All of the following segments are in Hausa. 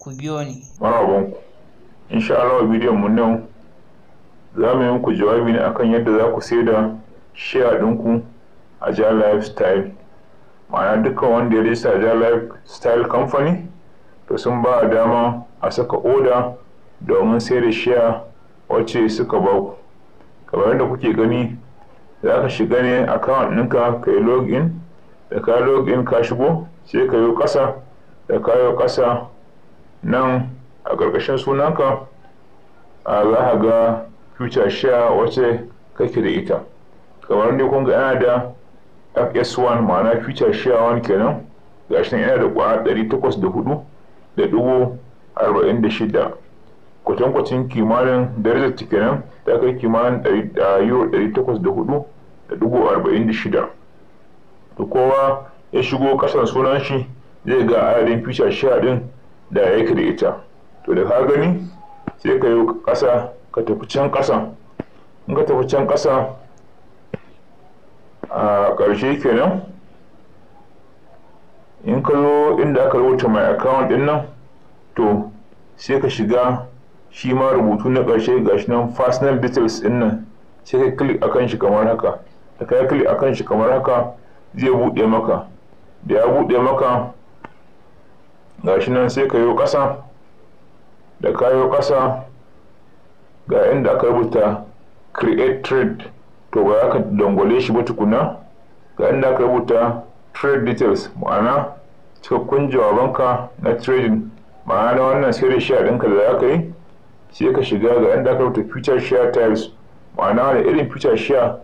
ku biyo ni. Marhaban ku. Insha Allah bidiyon mu nan za mu yi muku jawabi ne akan yadda za ku saida da share ɗinku a Jal Lifestyle. Ma'ana dukkan wanda ya rista Jal Lifestyle Company to sun ba a dama a saka oda domin sai da share wacce suka ba ku. Kamar yadda kuke gani za ka shiga ne a account ɗinka ka yi login da ka login ka shigo sai ka yi ƙasa da ka yi ƙasa nan a ƙarƙashin sunanka a za a ga future share wace kake da ita kamar ne kun ga yana da fs1 ma'ana future share 1 kenan shi yana da kwa 804 da dubu 46 kwatankwacin kimanin darajar ta kenan ta kai kimanin euro 804 da dubu 46 da kowa ya shigo kasan sunan shi zai ga adadin future share din da yake da ita to da ka gani sai ka yi ƙasa ka tafi can ƙasa in ka tafi can ƙasa a ƙarshe kenan in ka zo inda aka rubuta mai account ɗin nan to sai ka shiga shi ma rubutu na ƙarshe gashi nan personal details ɗin nan sai ka a kan shi kamar haka da ka yi a kan shi kamar haka zai buɗe maka da ya buɗe maka shi nan sai ka yi ƙasa da kayo ƙasa ga inda aka rubuta create trade to ba ka dangwale shi ba tukuna ga inda aka rubuta trade details ma'ana cikakkun jawabanka na trading ma'ana na wannan sai da a ɗinka da za ka yi sai ka shiga ga inda aka rubuta future share types ma'ana da irin future share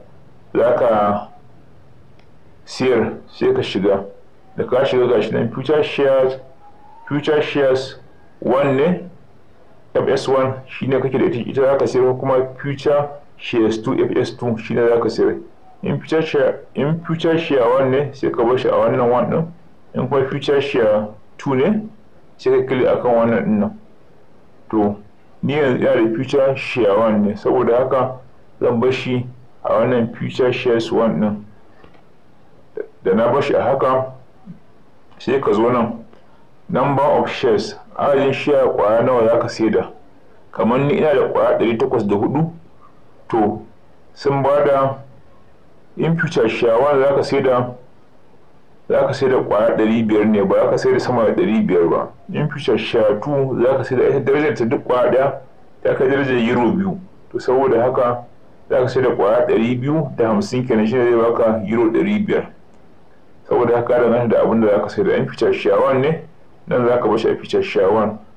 za ka siyar sai ka shiga da ka shiga shi nan future shares future shares 1 ne fs1 shi ne kake da ita za ka sayar kuma future shares 2 fs2 shi ne za ka sayar in future share 1 ne sai ka bar shi a wannan wannan in kuma future share 2 ne sai ka kili akan wannan din to ni yanzu ya da future share 1 ne saboda haka zan bar shi a wannan future shares 1 din da na bar shi a haka sai ka zo nan number of shares adadin share kwaya nawa za ka saida kamar ni ina da kwaya 804 to sun ba da in future share 1 za ka saida za ka saida kwaya 500 ne ba za ka saida sama da 500 ba in future share 2 za ka saida ita darajar ta duk kwaya daya ta kai darajar euro biyu to saboda haka za ka saida kwaya 200 da 50 kenan shine zai baka euro 500 saboda haka da nan da abin da za ka saida in future share 1 ne nan za ka bashi a fitar sha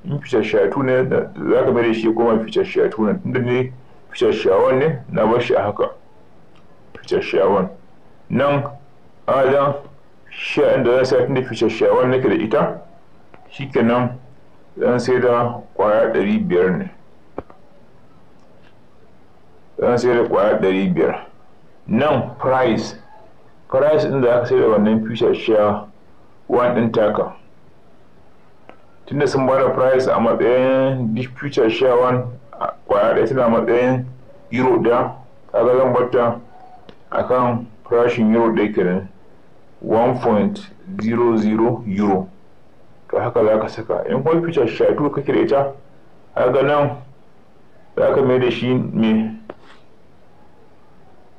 in fitar sha ne za ka mai shi kuma fitar sha ne tunda ne fitar sha ne na bashi a haka fitar sha 1 nan adan sha inda zan sa tunda fitar sha 1 nake da ita shikenan zan sai da kwaya biyar ne zan sai da kwaya biyar nan price price inda aka sai da wannan fitar sha 1 din taka tunda sun bada price a matsayin dish shawan kwaya ɗaya tana matsayin euro da ta zan bata kan farashin euro ke da 1.00 euro to haka za ka saka in kuma future sha biyu kake da ita haka nan za ka mai da shi ne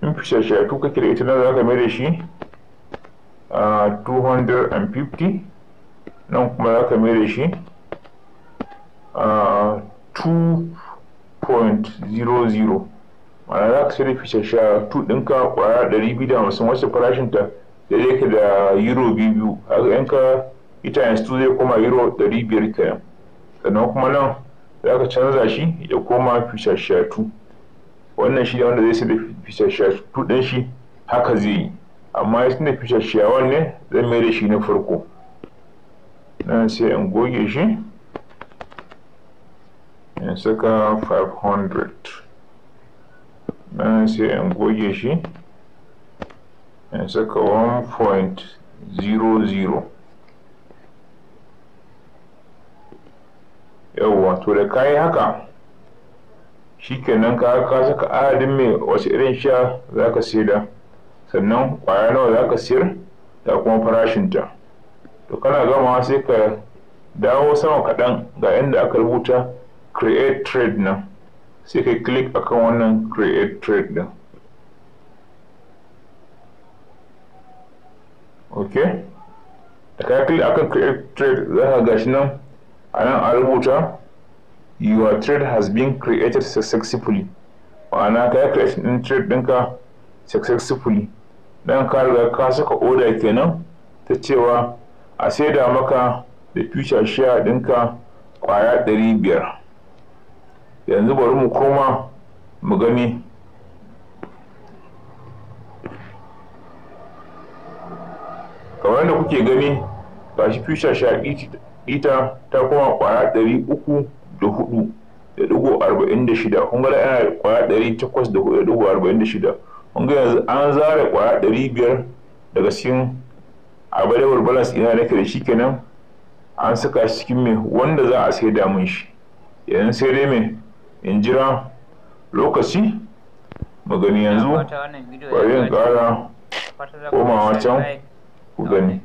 in future sha biyu kake da ita nan za ka mai da shi a ah, 250 nan kuma ya kame da shi a 2.00 ma'ana za ka sai da fice sha 2 ɗinka kwaya 250 wasu farashin farashinta daidai ka da euro a ga yanka ita italians 2 zai koma euro 500 kenan sannan kuma nan za ka canza shi ya koma fishashatu wannan shi da wanda zai sai da fishashatu ɗin shi haka zai yi amma ya suna da fishashawan ne zai mai da shi na farko nan sai in goge shi in saka 500 nan sai in goge shi in saka 1.00 yawwa to da kayi haka shikenan ka ka saka adadin mai wasu irin sha za ka da sannan kwaya nawa za ka siyar da kuma farashinta to kana gama sai ka dawo sama kaɗan ga inda aka rubuta create trade nan sai ka click akan wannan create trade din ok da ka click akan create trade za ka gashi nan a nan a rubuta your trade has been created successfully ma'ana ka yi creation din trade ɗinka successfully dan ka riga ka saka order kenan ta cewa a saida maka da future share ɗinka ƙwaya biyar yanzu bari mu koma mu gani kamar da kuke gani gashi future share ita ta koma ƙwaya uku da hudu da arba'in da kun gada yana da ɗari takwas da arba'in da kun ga yanzu an zare ƙwaya biyar daga cikin a balewar balance ina nake da shi kenan an saka shi cikin me wanda za a sai da mun shi yanzu sai dai me in jira lokaci mu gani yanzu bari in kara komawa can ku gani